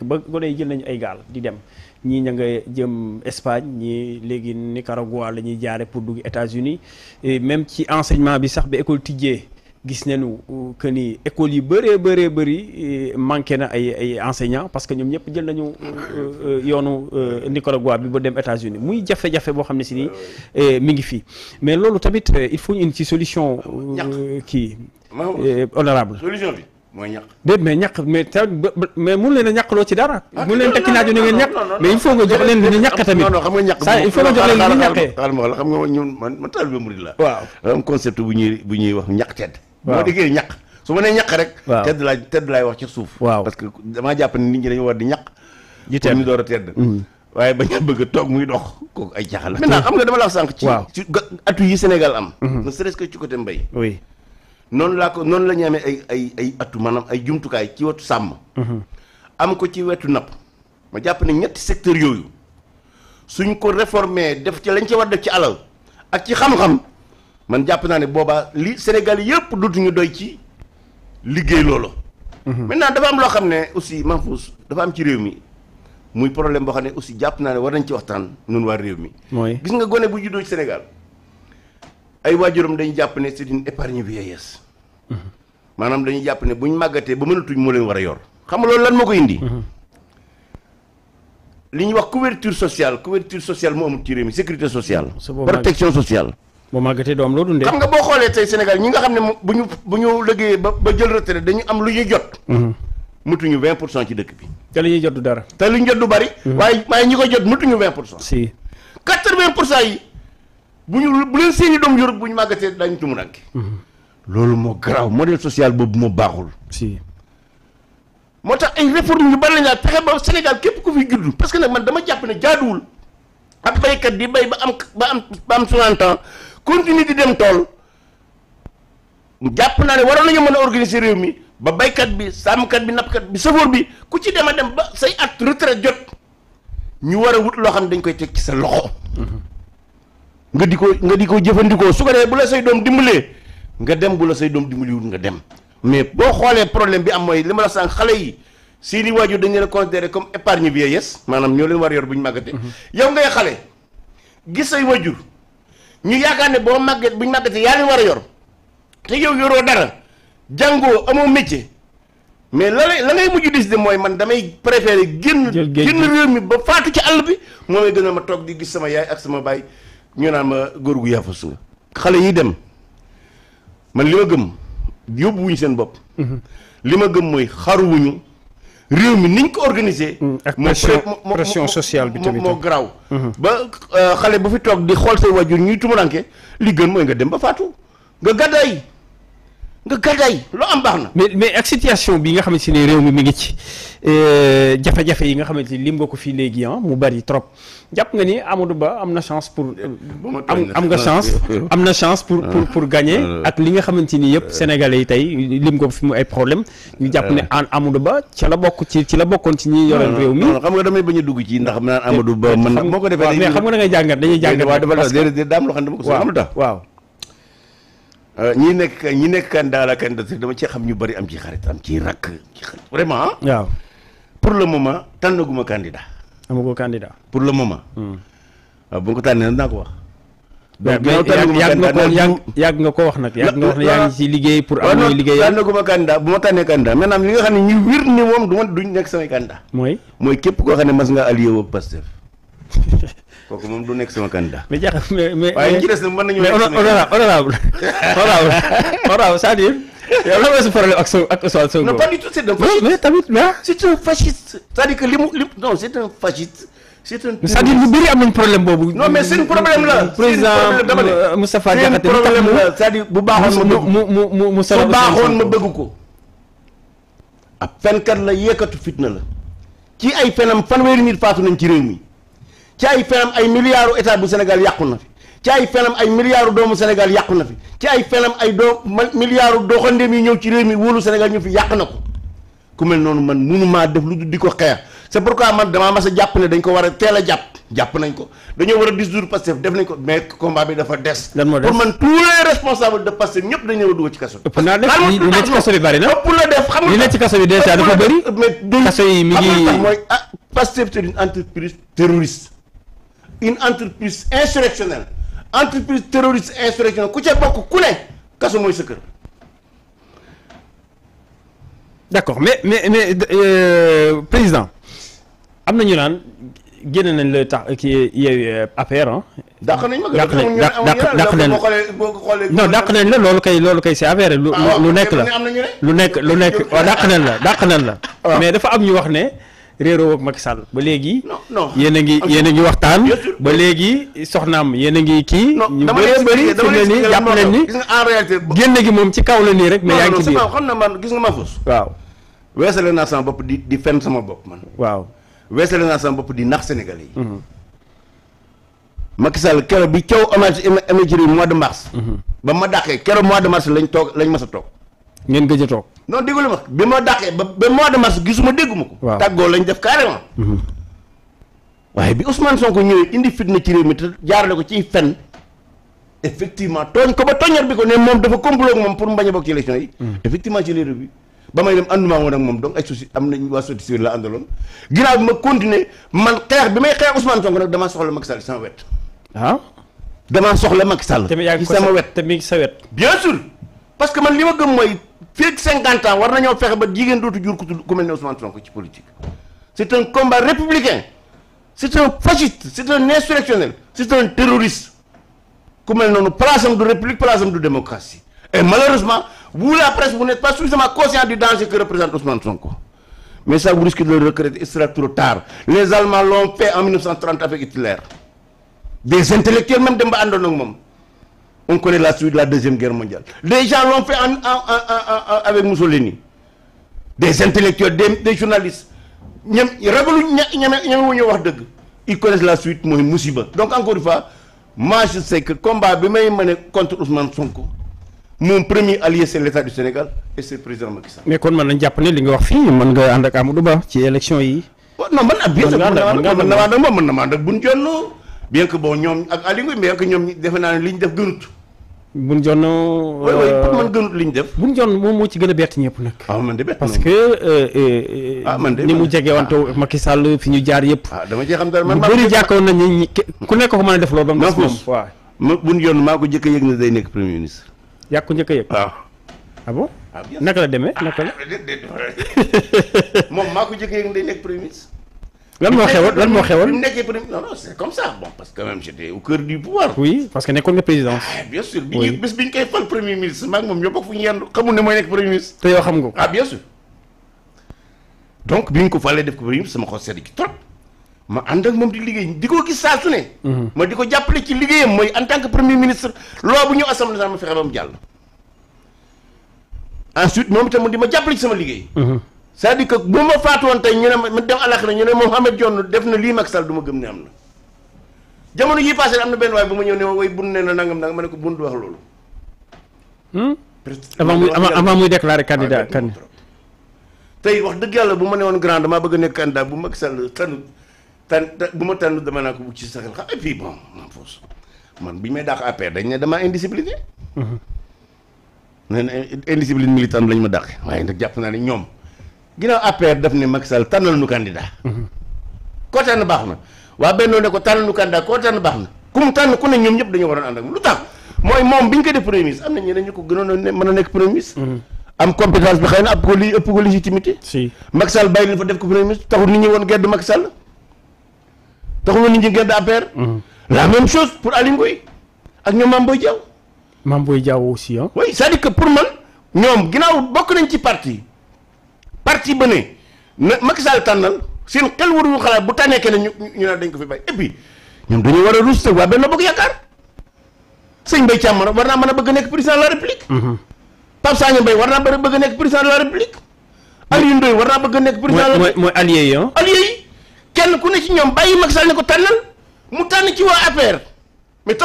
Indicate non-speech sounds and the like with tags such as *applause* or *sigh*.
nekk ba gone jël nañu ay gaal di dem ñii ña nga jëm Espagne ñi léegi Nicaragua la ñuy jaare pour dugg États-Unis même ci enseignement bi sax ba école tijjee gis nañu euh, que ni école yi bëree bëree bëri euh, manqué na ay ay enseignants parce que ñoom ñëpp jël nañu euh, yoonu Nicaragua bi ba dem États-Unis muy jafe-jafe boo xam ne si ni ah mi ngi fi mais loolu tamit il faut ñu indi ci solution. kii honorable mooy ñaq déet mais ñaq mais te mais mun leen a ñaqloo ci dara. mun leen tekki naaju ni ngeen ñaq mais il faut nga jox leen lu ñaq tamit. waaw bu ñuy bu wax ñaq tedd. waaw moo déggee ñaq ma nee ñaq rek. waaw tedd laay laay wax ci suuf. waaw parce que damaa jàpp ne nit ñi dañu war di ñaq. ji tedd ñu door a tedd. waaye bañ a bëgg toog muy dox kooku ay jaaxal. maintenant xam nga dama la wax sànq. ci atu yi Sénégal am. ne serait-ce que ci côté mbay. oui noonu laa ko noonu lañu amee ay ay ay atu maanaam ay jumtukaay ci wetu sàmm. Mhm. am ko ci wetu napp. ma jàpp ne ñetti secteur yooyu suñ ko réformer def ci lañ ci war def ci alal ak ci xam-xam man jàpp naa ne boobaa li Sénégal yëpp ñu doy ci liggéey loolu. Mhm. maintenant dafa am loo xam ne aussi Mahfouz dafa am ci réew mi muy problème boo xam ne aussi jàpp naa ne war nañ ci waxtaan ñun waa réew mi. mooy gis nga gone bu juddoo ci Sénégal. ay waajuram dañu jàpp ne c'est une épargne vieillesse maanaam dañuy jàpp ne bu ñu màggatee ba mënatuñ moo leen war a yor xam nga loolu lan moo ko indi li ñu wax couverture sociale couverture sociale moo amul ci réew mi sécurité sociale protection social boo màggatee doo am loo dundee xam nga boo xoolee tey Sénégal ñi nga xam ne bu ñu bu ñu liggéeyee ba ba jël retraite dañu am lu ñuy jot mhm. mutuñu vingt pour cent ci dëkk bi te li ñuy jot du dara te li ñu jot du bari mhm. waaye waaye ko jot mutuñu vingt pour cent bu ñu bu leen seeni doom yor bu ñu màggatee daañu tumuranke mhm. loolu moo garaaw modèle social boobu moo baaxul. si moo tax ay réforme yu bari la ñu daal fexe ba Sénégal képp ku fi juddu parce que nag man dama jàpp ne jaaduwul ab baykat bi bay ba am ba am ba am 60 ans continue di dem tool jàpp naa ne waroon nañu mën a organiser réew mi ba baykat bi sàmmkat bi nappkat bi safoor bi ku ci dem a dem ba say at retraite jot ñu war a wut loo xam ne dañ koy teg ci sa loxo. Mhm. nga di ko nga di ko jëfandikoo su ko dee bu la say doom dimbalee nga dem bu la say doom dimbaliwul nga dem mais boo xoolee problème bi am mooy li ma la sànq xale yi seeni waajur dañ leen a considéré comme épargne bi vieillesse maanaam ñoo leen war yor bu ñu màggatee. Mhm. yow ngay xale gis say waajur ñu yaakaar ne boo màgget bu ñu màggatee yaa leen war a yor te yow yoroo dara jàngoo amoo métier. mais la lay la ngay mujj décider mooy man damay préférer génn génn ba faatu ci àll bi mooy gën ma toog di gis sama yaay ak sama baay ñu naan ma góor gu yaafus nga xale yi dem man li ma gëm yóbbu wuñ seen bopp mhm. li ma gëm mooy xaruwuñu réew mi niñ ko organisé mhm. ak pression sociale bi tamit moo garaaw mhm. ba euh, xale bu fi toog di xool say wajur ñuy tumuranke li gën mooy nga dem ba faatu nga gàddaay nga gàddaay loo am baax na. mais mais ak situation bi nga xamante ne réew mi mi ngi ci euh, jafe-jafe yi nga xamante ni lim nga ko fi léegi ah mu bari trop jàpp nga ni Amadou Ba am na chance pour. Euh, am am nga chance *laughs* am na chance pour pour pour gagner euh, ak li xamante ni yëpp sénégalais yi tey lim ay problème ñu jàpp ne an ca la bokk ci la bokkoon ci ñi yore réew mi. xam nga damay bañ a dugg ci ndax mu Amadou Ba. mën na moo ko defee mais xam nga da ngay jàngat dañuy jàngat. am lu tax waaw. Euh, ñi nekk ñi nekk candidat la candidature dama ci xam ñu bari am ci xarit am ci rakk ci xarit vraiment. waaw pour le moment tànnaguma candidat. amagoo candidat. pour le moment. waaw hmm. ah, bu ko tànnee naa ko wax. donc yàgg nga ko yàgg nga ko wax nag. yàgg nga wax ne yaa ngi ci liggéey pour. Ah, am ñuy liggéey tànnaguma candidat bu ma tànnee candidat maanaam li nga xam ne ñu wir ni moom du ma duñ nekk samay candidat. mooy mooy képp koo xam ne mas nga allié wu Pastef *laughs* kooku moom du nekk sama candidat. mais jaaxal mais mais waaye ñi ci des nag mën nañu. mais honorable honorable honorable c'est-à-dire yow lan mooy sa problème ak sa ak Ousmane Sonko. non pas du tout c'est un fasciste. mais tamit mais. Ah. c'est un fasciste. c'est-à-dire que li mu li non c'est un fasciste. c'est un c'est-à-dire ñu bëri am nañ problème boobu. non mais seen problème la. président euh, Moustapha Diakhaté seen problème la c'est-à-dire bu baaxoon ma bëgg mu mu mu mu bu baaxoon ma bëgg ko. ab fenkat la yeekatu fitna la. ci ay fenam fanweeri nit faatu nañ ci réew mi. ci ay fenam ay milliards état bu Sénégal yàqu na fi ci ay fenam ay milliards doomu Sénégal yàqu na fi ci ay fenam ay doo milliards ñëw ci réew mi wóolu Sénégal ñu fi yàq na ko noonu man munu maa def lu di ko xeex c'est pourquoi a jàpp ne dañ ko war a teel a jàpp nañ ko a dissoudre Pastef def nañ ko mais combat bi dafa des. lan moo des pour man tous les ñëpp a dugal ci na ëpp la def xamul li nekk ci kaso bi déjà mooy ah Pastef entreprise terroriste. une entreprise insurrectionnelle entreprise terroriste insurrectionnelle ku ca bokk ku ne kaso mooy sa kër. d'accord mais mais euh, président am na ñu naan génne nañ la tax kii yeewu APR dàq nañ ma dàq nañ dàq nañ non dàq nañ la loolu kay loolu kay c'est affaire lu ah, nekk la lu nekk lu nekk *laughs* waaw dàq nañ la dàq nañ ah. dafa am ñu wax ne. réeroo ak Macky ba léegi. non non yéen a ngi yéen ngi waxtaan. ba léegi soxnaam yéen a ngi kii. ñu bëri bëri fi ne nii jàpp nañ ni. gis nga en génn gi moom ci kaw la nii rek. mais yaa ngi ci biir na gis nga ma waaw weesale naa sama bopp di di fenn sama bopp man. waaw weesale naa sama bopp di nax Sénégalais yi. Mhm. Macky Sall keroog bi coow amee ci mois de mars. Mhm. ba ma dàqee keroog mois de mars lañ toog lañ mas a toog. ngeen gëj a toog. non déglu ma bi ma dàqee ba ba mois de mars gisuma dégguma ko. waaw tàggoo lañ def carrément. Mhm. waaye bi Ousmane Sonko ñëwee indi fitna ci réew jaarale ko ci fen effectivement tooñ ko ba tooñar bi ko ne moom dafa complot ak moom pour mu bañ a bokk ci élection yi. Mhm. effectivement ci réew bi ba may dem ànduma woon ak moom donc ay souci am nañ waa société civile la àndaloon. ginnaaw bi ma continuer man xeex bi may xeex Ousmane Sonko nag damaa soxla Macky Sall sama wet. ah. damaa soxla Macky Sall. ci sama wet ah? tamit sa wet. bien sûr. parce que man li ma gëm mooy fii 50 ans war nañoo fexe ba jigéen dootu jur ku mel ne Ousmane Sonko ci politique c'est un combat républicain c'est un fasciste c'est un insurrectionnel c'est un terroriste ku mel noonu place am du république place am du démocratie et malheureusement vous la presse vous n'êtes pas suffisamment conscient du danger que représente Ousmane Sonko mais ça vous risquez de le regretter il les Allemands l'ont fait en 1930 dem ba àndoon moom on connaît la suite la deuxième guerre mondiale les gens l'ont fait en, en, en, en avec Mussolini des intellectuels des, des journalistes ñoom ragalu ñeme ñeme wu ñu wax dëgg ils connaissent la suite mooy musiba donc encore une fois moi je sais que combat bi may mené contre Ousmane Sonko mon premier allié c'est l'État du Sénégal et c'est président Macky Sall kon mën nañ jàpp ne li nga wax fii mën nga ànd ak Amadou Ba ci élection yi oh, non man ab ah, mën na maa ànd ak moom mën na maa ànd ak bien que bon ñoom ak Aliou Ngoye ñoom que defe naa ne li ñu def gënut. buñ jonn oui oui pour man euh, gënut li ñu def. buñ jonn moom moo ci gën a bett ñëpp nag. ah man de parce que. Euh, euh, ah, man de ni mu jege wante ah. Macky Sall fi ñu jaar yëpp. ah dama cee xam dara man maa bëri jàkkoon nañ ñi ku nekk ko mën a def loolu ba mu des moom waaw. ma jonn maa ko njëkk a yëg ne day nekk premier ministre. yaa ko njëkk a yëg. Ah. demee naka *laughs* moom maa ko njëkk a lan moo xewal lan moo xewal nekkee premier non non c'est comme ça bon parce que quand même j'étais au cœur ah, bi ñu bés premier ministre maa ñu ko ah bien donc bi ñu ko falee def ko premier ministre sama xol sedd gi trop ma ànd ak moom di liggéey di koo gis saa su ne. Mhm. ma di ko jàppale ci liggéeyam mooy en tant que premier ministre loo bu ñëw assemblée nationale ma fexe ba mu jàll. ensuite moom itam di ma jàppale ci sama liggéey. Mhm. c'est-à-dire que bu ma faatoon tey ñu ne ma dem alaxira ñu ne Mohamed Dionne def na lii mag sal du ma gëm ne am na jamono yii passé am na benn waay bu ma ñëw ne ma way bun ne na nangam nangam ma ne ko bun du wax loolu. Hmm? avant muy avant muy déclaré candidat candidat tey wax dëgg yàlla bu ma ne woon grand damaa bëgg a nekk candidat bu Macky Sall tànn bu ma tànn dama naa ko bu ci saxal xam et puis bon man foos bi ñu may dàq APR dañ ne damaa indiscipliné. Mhm. nee na indiscipline militante lañ ma dàq waaye jàpp naa ne ñoom. ginnaaw APR daf ne Macky Sall tànnal nu candidat. koo tànn baax na waa Benno ne ko tànnal nu candidat koo tànn baax na ku mu tànn ku ne ñoom ñëpp dañoo waroon ànd ak lu tax moom bi ñu ko def premier am na ñeneen ñu ko gënoon a ne mën a nekk premier mm-hmm. am compétence bi xëy na ab ko lii ëpp ko légitimité. si Macky bàyyi leen fa def ko premier ministre taxul nit ñi woon gedd Macky Sall nit ñi gedd APR. Mm-hmm. la même chose pour Aly Ngouille ak ñoom Mame Boye Diao. Mame Boye Diao aussi ah. oui cest pour man ñoom ginnaaw bokk nañ ci parti. parti ba ne na Macky Sall tànnal seen xel waruñu xalaat bu tànnee kenn ñu ñu naan dañ ko fi bàyyi et ñoom dañoo war a ruus waa benn bëgg yaakaar sëñ Mbaye Thiam war naa mën a bëgg a nekk président de la république. Mhm. Pape Sagna Mbaye war naa bëgg a nekk président de la république. Aliou Ndoye war naa bëgg a nekk président de la république mooy mooy allié yi ah. allié yi kenn ku ne ci ñoom bàyyi Macky Sall ne ko tànnal mu tànn ci waa APR